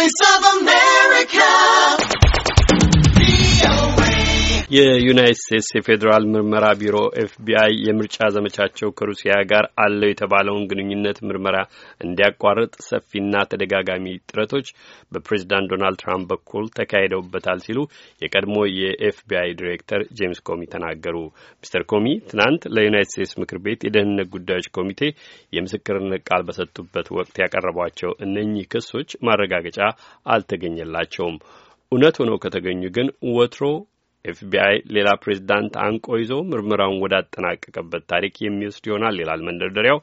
Voice of የዩናይት ስቴትስ የፌዴራል ምርመራ ቢሮ ኤፍቢአይ የምርጫ ዘመቻቸው ከሩሲያ ጋር አለው የተባለውን ግንኙነት ምርመራ እንዲያቋርጥ ሰፊና ተደጋጋሚ ጥረቶች በፕሬዚዳንት ዶናልድ ትራምፕ በኩል ተካሂደውበታል ሲሉ የቀድሞ የኤፍቢአይ ዲሬክተር ጄምስ ኮሚ ተናገሩ። ሚስተር ኮሚ ትናንት ለዩናይት ስቴትስ ምክር ቤት የደህንነት ጉዳዮች ኮሚቴ የምስክርነት ቃል በሰጡበት ወቅት ያቀረቧቸው እነኚህ ክሶች ማረጋገጫ አልተገኘላቸውም። እውነት ሆነው ከተገኙ ግን ወትሮ ኤፍቢአይ ሌላ ፕሬዚዳንት አንቆ ይዞ ምርመራውን አጠናቀቀበት ታሪክ የሚወስድ ይሆናል ይላል መንደርደሪያው።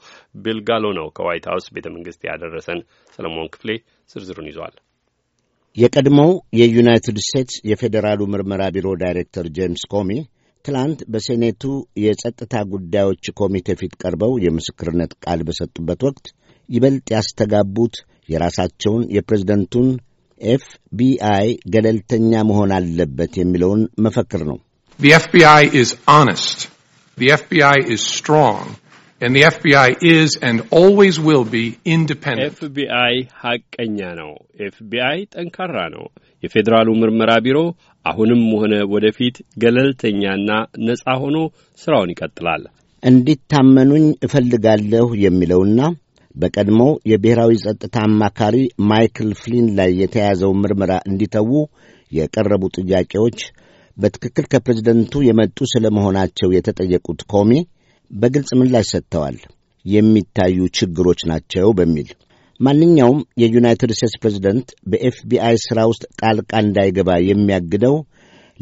ቢል ጋሎ ነው ከዋይት ሀውስ ቤተ መንግስት ያደረሰን። ሰለሞን ክፍሌ ዝርዝሩን ይዟል። የቀድሞው የዩናይትድ ስቴትስ የፌዴራሉ ምርመራ ቢሮ ዳይሬክተር ጄምስ ኮሚ ትላንት በሴኔቱ የጸጥታ ጉዳዮች ኮሚቴ ፊት ቀርበው የምስክርነት ቃል በሰጡበት ወቅት ይበልጥ ያስተጋቡት የራሳቸውን የፕሬዝደንቱን ኤፍቢአይ ገለልተኛ መሆን አለበት የሚለውን መፈክር ነው። ኤፍቢአይ ሐቀኛ ነው። ኤፍቢአይ ጠንካራ ነው። የፌዴራሉ ምርመራ ቢሮ አሁንም ሆነ ወደፊት ገለልተኛና ነጻ ሆኖ ስራውን ይቀጥላል። እንዲታመኑኝ እፈልጋለሁ የሚለውና በቀድሞው የብሔራዊ ጸጥታ አማካሪ ማይክል ፍሊን ላይ የተያዘው ምርመራ እንዲተዉ የቀረቡ ጥያቄዎች በትክክል ከፕሬዝደንቱ የመጡ ስለ መሆናቸው የተጠየቁት ኮሚ በግልጽ ምላሽ ሰጥተዋል። የሚታዩ ችግሮች ናቸው በሚል ማንኛውም የዩናይትድ ስቴትስ ፕሬዝደንት በኤፍቢአይ ሥራ ውስጥ ጣልቃ እንዳይገባ የሚያግደው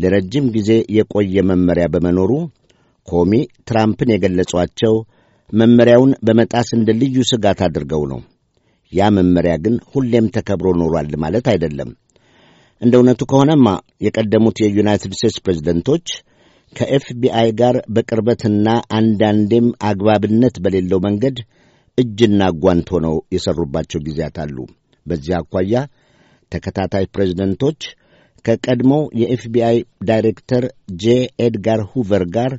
ለረጅም ጊዜ የቆየ መመሪያ በመኖሩ ኮሚ ትራምፕን የገለጿቸው መመሪያውን በመጣስ እንደ ልዩ ስጋት አድርገው ነው። ያ መመሪያ ግን ሁሌም ተከብሮ ኖሯል ማለት አይደለም። እንደ እውነቱ ከሆነማ የቀደሙት የዩናይትድ ስቴትስ ፕሬዝደንቶች ከኤፍቢአይ ጋር በቅርበትና አንዳንዴም አግባብነት በሌለው መንገድ እጅና ጓንት ሆነው የሠሩባቸው ጊዜያት አሉ። በዚያ አኳያ ተከታታይ ፕሬዝደንቶች ከቀድሞው የኤፍቢአይ ዳይሬክተር ጄ ኤድጋር ሁቨር ጋር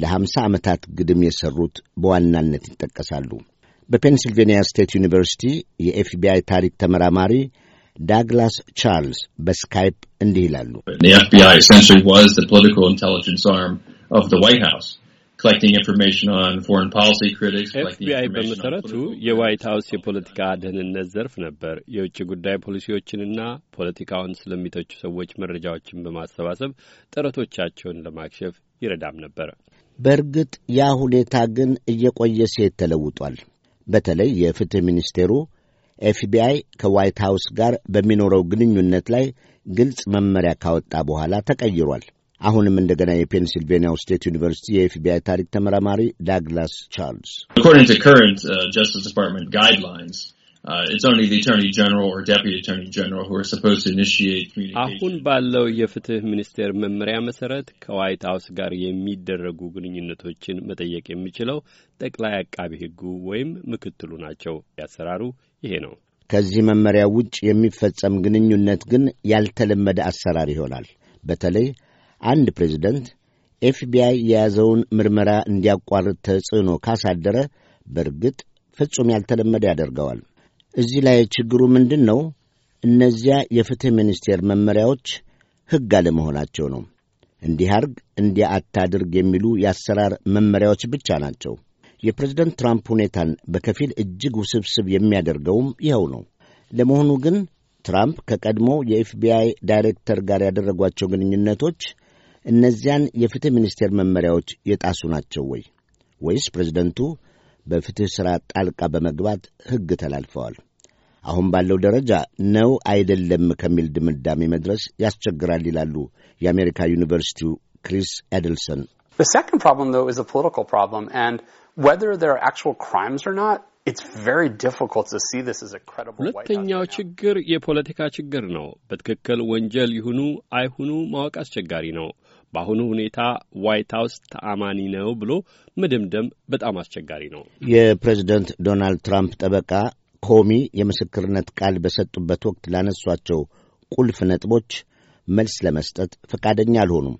ለሐምሳ ዓመታት ግድም የሠሩት በዋናነት ይጠቀሳሉ። በፔንስልቬንያ ስቴት ዩኒቨርሲቲ የኤፍቢአይ ታሪክ ተመራማሪ ዳግላስ ቻርልስ በስካይፕ እንዲህ ይላሉ። ኤፍቢአይ በመሠረቱ የዋይት ሀውስ የፖለቲካ ደህንነት ዘርፍ ነበር። የውጭ ጉዳይ ፖሊሲዎችንና ፖለቲካውን ስለሚተቹ ሰዎች መረጃዎችን በማሰባሰብ ጥረቶቻቸውን ለማክሸፍ ይረዳም ነበር። በእርግጥ ያ ሁኔታ ግን እየቆየ ሴት ተለውጧል። በተለይ የፍትሕ ሚኒስቴሩ ኤፍቢአይ ከዋይት ሐውስ ጋር በሚኖረው ግንኙነት ላይ ግልጽ መመሪያ ካወጣ በኋላ ተቀይሯል። አሁንም እንደገና የፔንሲልቬንያው ስቴት ዩኒቨርሲቲ የኤፍቢአይ ታሪክ ተመራማሪ ዳግላስ ቻርልስ Uh, it's only the Attorney General or Deputy Attorney General who are supposed to initiate communication. አሁን ባለው የፍትህ ሚኒስቴር መመሪያ መሰረት ከዋይት ሀውስ ጋር የሚደረጉ ግንኙነቶችን መጠየቅ የሚችለው ጠቅላይ አቃቢ ሕጉ ወይም ምክትሉ ናቸው። ያሰራሩ ይሄ ነው። ከዚህ መመሪያ ውጭ የሚፈጸም ግንኙነት ግን ያልተለመደ አሰራር ይሆናል። በተለይ አንድ ፕሬዚደንት ኤፍቢአይ የያዘውን ምርመራ እንዲያቋርጥ ተጽዕኖ ካሳደረ በእርግጥ ፍጹም ያልተለመደ ያደርገዋል። እዚህ ላይ ችግሩ ምንድን ነው? እነዚያ የፍትሕ ሚኒስቴር መመሪያዎች ሕግ አለመሆናቸው ነው። እንዲህ አርግ፣ እንዲያ አታድርግ የሚሉ የአሰራር መመሪያዎች ብቻ ናቸው። የፕሬዝደንት ትራምፕ ሁኔታን በከፊል እጅግ ውስብስብ የሚያደርገውም ይኸው ነው። ለመሆኑ ግን ትራምፕ ከቀድሞ የኤፍቢአይ ዳይሬክተር ጋር ያደረጓቸው ግንኙነቶች እነዚያን የፍትሕ ሚኒስቴር መመሪያዎች የጣሱ ናቸው ወይ? ወይስ ፕሬዝደንቱ በፍትሕ ሥራ ጣልቃ በመግባት ሕግ ተላልፈዋል። አሁን ባለው ደረጃ ነው አይደለም ከሚል ድምዳሜ መድረስ ያስቸግራል ይላሉ የአሜሪካ ዩኒቨርሲቲው ክሪስ ኤድልሰን። ሁለተኛው ችግር የፖለቲካ ችግር ነው። በትክክል ወንጀል ይሁኑ አይሁኑ ማወቅ አስቸጋሪ ነው። በአሁኑ ሁኔታ ዋይት ሀውስ ተአማኒ ነው ብሎ መደምደም በጣም አስቸጋሪ ነው። የፕሬዚደንት ዶናልድ ትራምፕ ጠበቃ ኮሚ የምስክርነት ቃል በሰጡበት ወቅት ላነሷቸው ቁልፍ ነጥቦች መልስ ለመስጠት ፈቃደኛ አልሆኑም።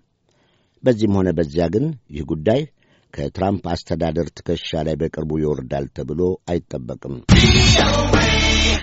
በዚህም ሆነ በዚያ ግን ይህ ጉዳይ ከትራምፕ አስተዳደር ትከሻ ላይ በቅርቡ ይወርዳል ተብሎ አይጠበቅም።